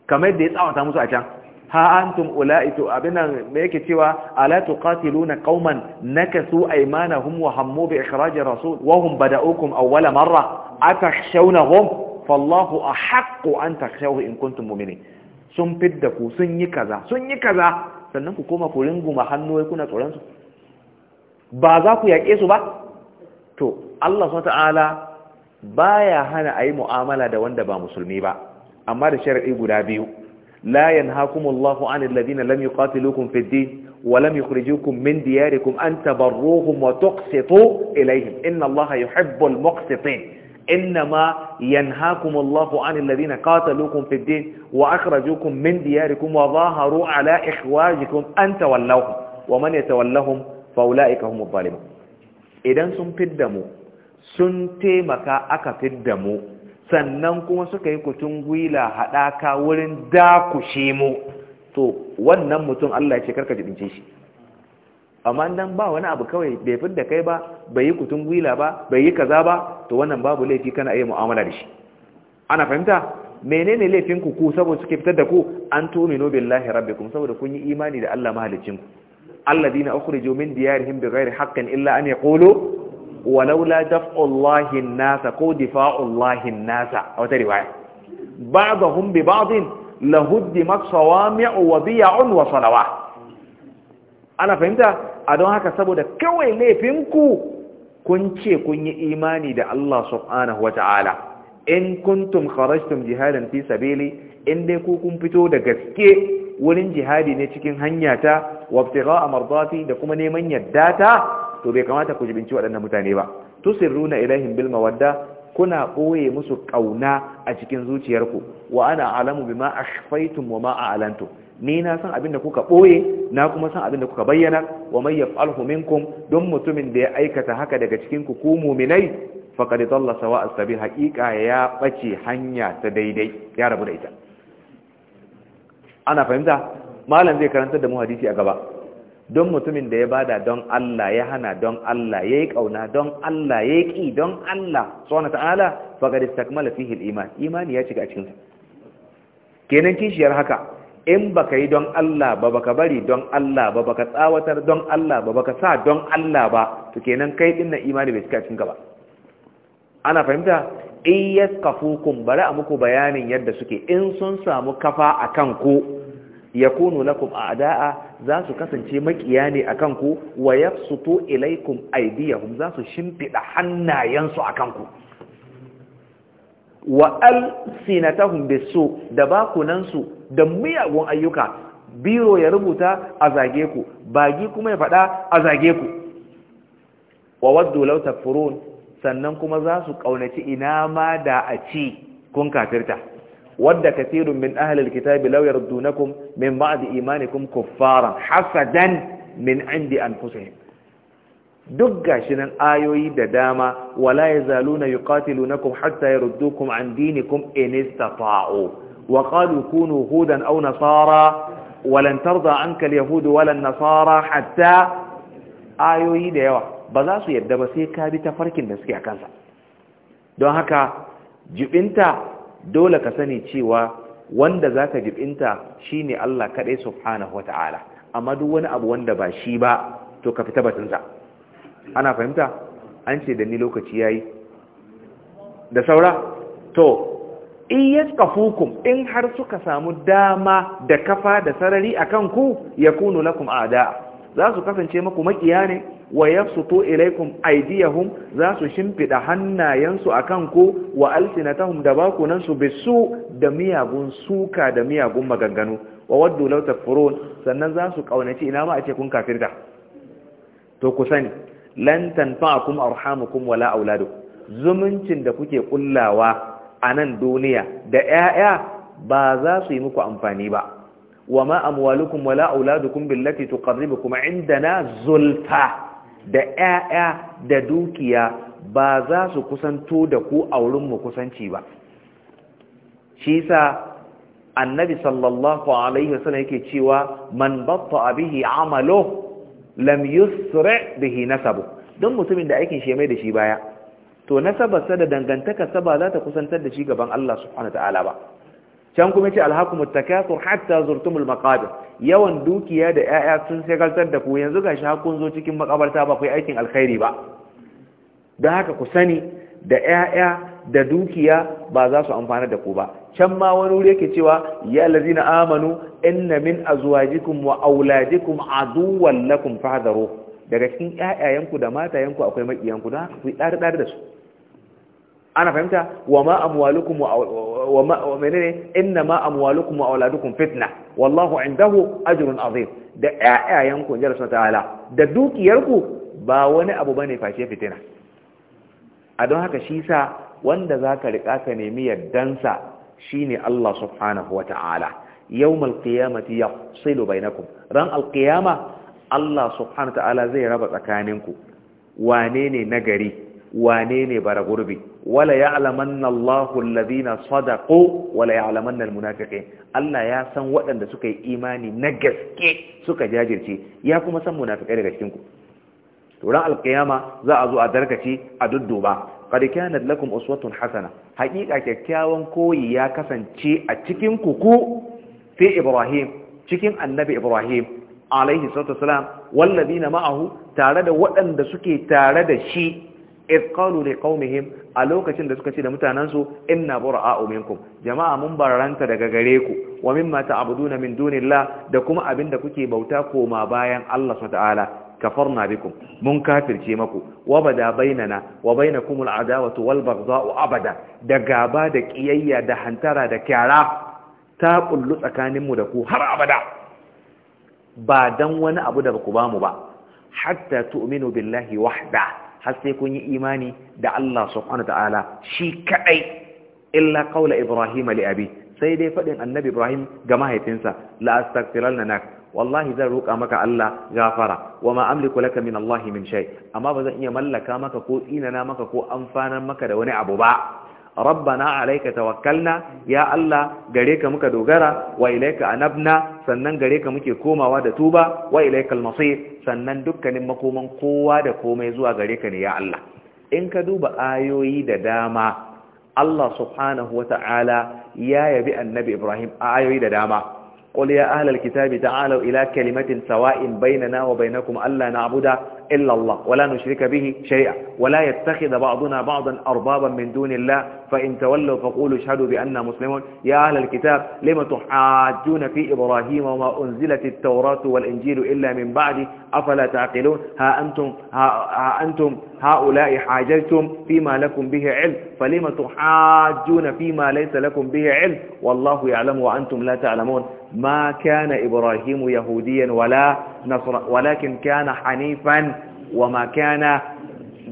[SPEAKER 1] kamar da ya tsawata musu a can ha antum ula'itu abinan me yake cewa ala tuqatiluna qauman nakasu aymanahum wa hammu bi ikhraj rasul wa hum bada'ukum awwala marra atakhshawnahum fallahu ahaqqu an takhshawhu in kuntum mu'minin sun fidda ku sun yi kaza sun yi kaza sannan ku koma ku ringuma hannu kuna tsoron su ba za ku yaƙe su ba to Allah subhanahu ta'ala baya hana ayi mu'amala da wanda ba musulmi ba amma da sharadi guda biyu لا ينهاكم الله عن الذين لم يقاتلوكم في الدين ولم يخرجوكم من دياركم أن تبروهم وتقسطوا إليهم إن الله يحب المقسطين إنما ينهاكم الله عن الذين قاتلوكم في الدين وأخرجوكم من دياركم وظاهروا على إخواجكم أن تولوهم ومن يتولهم فأولئك هم الظالمون إذن سنفدموا سنتمك أكفدموا sannan kuma suka yi kutun gwila haɗaka wurin dakushe mu to wannan mutum Allah ya ce karka jibince shi amma dan ba wani abu kawai bai fidda kai ba bai yi kutun gwila ba bai yi kaza ba to wannan babu laifi kana iya mu'amala da shi ana fahimta menene laifin ku ku saboda suke fitar da ku an tu'minu billahi rabbikum saboda kun yi imani da Allah mahaliccin ku alladina ukhrijo min diyarihim bighairi haqqin illa an yaqulu walaula daf'ullah'in nasa ko difa'ullahin nasa a wata riwaya ba'dahum bi ba'din lahuddimat sawami'u wa biya'un wa salawat ana fahimta a don haka saboda kawai ku, kun ce kun yi imani da Allah subhanahu wata'ala in kuntum kharajtum jihadan fi sabili in dai ku kun fito da gaske wurin jihadi ne cikin hanya ta a marzafi da kuma neman yadda ta to bai kamata ku jibinci waɗannan mutane ba tusirruna ilaihim bilma wadda kuna ɓoye musu ƙauna a cikin zuciyarku wa ana alamu bima akhfaytum wa ma a'lantum ni na san abin da kuka ɓoye na kuma san abin da kuka bayyana wa may yaf'alhu minkum don mutumin da ya aikata haka daga cikin ku ku mu'minai faqad dalla sawa'a sabil haqiqa ya bace hanya ta daidai ya rabu da ita ana fahimta malam zai karantar da mu hadisi a gaba don mutumin da ya bada don Allah ya hana don Allah ya yi kauna don Allah ya yi ƙi don Allah suwana ta'ala fagar istakmala fihi iman imani ya cika a cikinsa kenan kishiyar haka in baka yi don Allah ba baka bari don Allah ba baka tsawatar don Allah ba baka sa don Allah ba to kenan kai din imani bai cika a cikinka ba ana fahimta iyas kafukum bari a muku bayanin yadda suke in sun samu kafa a kanku ya kunu lakum a da'a za su kasance makiya ne a kanku wa ya ilaikum aidiyahum za su shimfiɗa hannayensu a kanku wa alsinatahum bisu da bakunansu da miyagun ayyuka biro ya rubuta a zage ku bagi kuma ya faɗa a zage ku wa waddu law furon. sannan kuma za su ƙaunaci ina ma da a ci kun kafirta wadda kathirun min ahlil kitabi law yardunakum min imani imanikum kuffaran hasadan min indi anfusihim duk gashi nan ayoyi da dama wala yazaluna yuqatilunakum hatta yaruddukum an dinikum in istata'u wa qalu kunu hudan au nasara walan da anka al-yahud walan nasara hatta ayoyi da yawa ba za su yadda ba sai ka bi ta farkin da suke a kansa don haka jibinta dole ka sani cewa wanda za ka jibinta shi ne Allah kaɗai subhanahu wa ta'ala amma duk wani abu wanda ba shi ba to ka fita batunsa ana fahimta an ce da ni lokaci ya yi da saura to in ya in har suka samu dama da kafa da sarari a kanku ya kunu lakum a da'a za su kasance maku makiya ne wa yafsutu ilaikum aydiyahum za su shimfida hannayensu akan ku wa alsinatahum da bakunan su bisu da miyagun suka da miyagun maganganu wa waddu law tafurun sannan za su kaunaci ina ma a ce kun kafirta to ku sani lan tanfa'akum arhamukum wala auladu zumuncin da kuke kullawa a nan duniya da ƴaƴa ba za su yi muku amfani ba wa ma amwalukum wala auladukum billati tuqarribukum indana zulfa da yaya da dukiya ba za su kusanto da ku a wurin mu kusanci ba shi sa annabi sallallahu alaihi wasallam yake cewa man batta bihi amaluhu lam yusri bihi nasabu don mutumin da aikin shi mai da shi baya to nasabarsa da dangantakarsa ba za ta kusantar da shi gaban Allah subhanahu ta'ala ba can kuma yace alhaqum at-takasur hatta zurtumul maqabir yawan dukiya da 'ya'ya sun shagaltar da ku yanzu gashi har zo cikin makabarta ba ku aikin alkhairi ba don haka ku sani da 'ya'ya da dukiya ba za su amfana da ku ba can ma wani wuri yake cewa ya allazina amanu inna min azwajikum wa auladikum aduwwan lakum fahdharu daga cikin ƴaƴayenku da matayenku akwai makiyanku don haka ku yi ɗari da su ana fahimta wa ma amwalukum wa ma menene amwalukum wa auladukum fitna wallahu indahu ajrun azim da ayayanku jalla subhanahu ta'ala da dukiyarku ba wani abu bane face fitina a don haka shi sa wanda zaka rika ka nemi yaddansa shine Allah subhanahu wa ta'ala yawmal qiyamati yafsilu bainakum ran alqiyama Allah subhanahu wa ta'ala zai raba tsakaninku wane ne nagari wane ne bara gurbi wala ya'lamanna Allahu alladhina sadaqu wala ya'lamanna almunafiqin Allah ya san waɗanda suka yi imani na gaske suka jajirce ya kuma san munafikai daga cikin ku to ran za a zo a darkace a dudduba qad kanat lakum uswatun hasana haqiqa kyakkyawan koyi ya kasance a cikin ku ku fi Ibrahim cikin annabi Ibrahim alaihi salatu wasalam wallazina ma'ahu tare da waɗanda suke tare da shi idh qalu liqaumihim a lokacin da suka ce da mutanensu inna bura'a'u minkum jama'a mun barranta daga gare ku wa mata ta'buduna min dunillah da kuma abinda kuke bauta koma bayan Allah subhanahu wataala kafarna bikum mun kafirce maku wa baina bainana wa bainakumul adawatu wal baghdha'u abada da gaba da kiyayya da hantara da kyara ta kullu tsakaninmu da ku har abada ba dan wani abu da ku bamu ba hatta tu'minu billahi wahda har sai kun yi imani da Allah subhanahu ta'ala shi kadai illa qaula ibrahim li abi sai dai fadin annabi ibrahim ga mahaifinsa la astaghfiranna nak wallahi zan roka maka Allah gafara wama amliku laka min Allah min shay amma bazan iya mallaka maka ko tsinana maka ko amfanar maka da wani abu ba rabbana alayka tawakkalna ya Allah gareka muka dogara wa ilayka anabna sannan gareka muke komawa da tuba wa ilayka almasir sannan dukkanin makoman kowa da komai zuwa gareka ne ya Allah in ka duba ayoyi da dama Allah subhanahu wa ta'ala ya yabi annabi Ibrahim a ayoyi da dama kitabi قل ila أهل الكتاب in baina nawa سواء بيننا وبينكم ألا نعبد إلا الله ولا نشرك به شيئا ولا يتخذ بعضنا بعضا أربابا من دون الله فإن تولوا فقولوا اشهدوا بأننا مسلمون يا أهل الكتاب لم تحاجون في إبراهيم وما أنزلت التوراة والإنجيل إلا من بعد أفلا تعقلون ها أنتم, ها, أنتم هؤلاء حاججتم فيما لكم به علم فلم تحاجون فيما ليس لكم به علم والله يعلم وأنتم لا تعلمون ما كان إبراهيم يهوديا ولا نصر ولكن كان حنيفا wa makana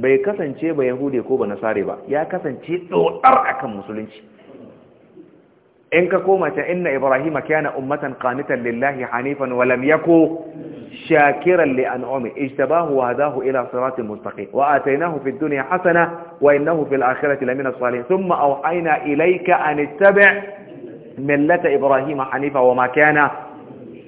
[SPEAKER 1] bai kasance ba Yahudi ko ba nasare ba ya kasance dodar akan musulunci in ka koma ta inna Ibrahim kana ummatan qanitan lillahi hanifan wa lam shakiran li an'ami ijtabahu wa hadahu ila siratin mustaqim wa atainahu fid dunya hasana wa innahu fil akhirati lamina salihin thumma awhayna ilayka an ittabi' millata ibrahima hanifa wa ma kana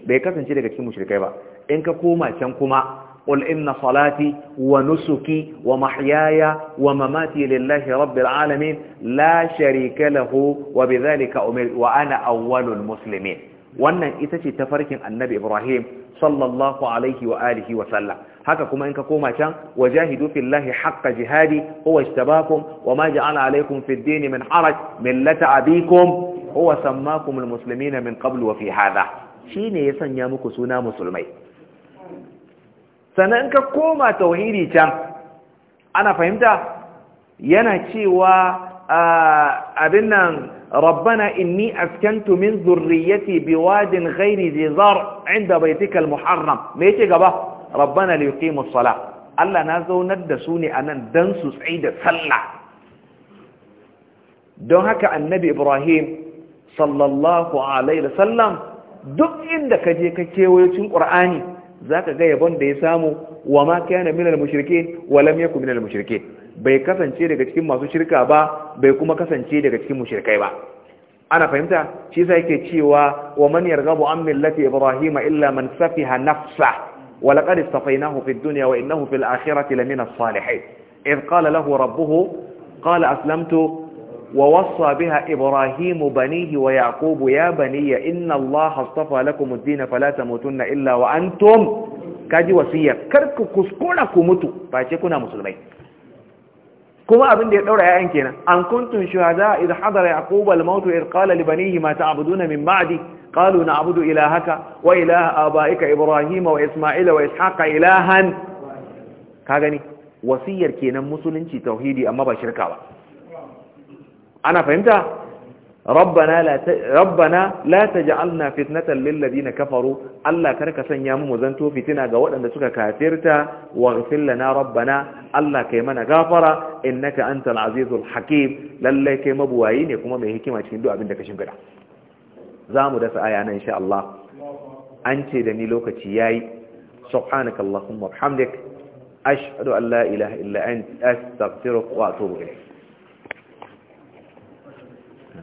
[SPEAKER 1] bai kasance daga cikin mushrikai ba in ka koma can kuma قل إن صلاتي ونسكي ومحياي ومماتي لله رب العالمين لا شريك له وبذلك أمر وأنا أول المسلمين wannan ita ce tafarkin annabi Ibrahim sallallahu alaihi wa alihi wa sallam haka kuma in ka koma can wajahidu fillahi haqqa jihadi huwa ijtabakum wama ja'ala alaykum fid din min haraj millata abikum huwa sammakum almuslimina min qabl wa fi hadha shine ya sanya muku suna musulmai sannan ka koma tauhidi can ana fahimta yana cewa abin nan rabbana inni askantu min zurriyyati biwadin ghairi zizar inda baitikal muharram me yake gaba rabbana li yuqimus sala Allah na zaunar da su ne anan dan su tsaida sallah don haka annabi Ibrahim sallallahu alaihi wasallam duk inda kaje ka kewayo Qur'ani zaka ga yabon da ya samu wa ma kana minal mushrikeen wa lam yakun minal mushrikeen bai kasance daga cikin masu shirka ba bai kuma kasance daga cikin mushrikai ba ana fahimta shi sai yake cewa wa man yarghabu an millati ibrahim illa man safiha nafsa wa laqad istafainahu fid dunya wa innahu fil akhirati lamina as-salihin idh qala lahu rabbuhu qala aslamtu ووصى بها إبراهيم بنيه ويعقوب يا بني إن الله اصطفى لكم الدين فلا تموتن إلا وأنتم كاجي وصية كرك كسكونا كموتو فأتي كنا مسلمين كما أبن دي دورة يا أنكينا أن كنتم شهداء إذا حضر يعقوب الموت إذ قال لبنيه ما تعبدون من بعدي قالوا نعبد إلهك وإله آبائك إبراهيم وإسماعيل وإسحاق إلها كاغني وصية كينا مسلمين توحيدي أما بشركة ana fahimta rabbana la rabbana la taj'alna fitnatan lil ladina kafaru Allah karka sanya mu zanto fitina ga waɗanda suka kafirta waghfir lana rabbana Allah kai mana gafara innaka antal azizul hakim lalle kai mabuwayi ne kuma mai hikima cikin duk abinda ka shimfida za mu dasa aya nan insha Allah an ce da ni lokaci yayi subhanakallahumma wa bihamdik ashhadu an la ilaha illa anta astaghfiruka wa atubu ilayk to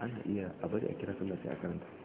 [SPEAKER 1] ana iya abari a kira sallah sai a karanta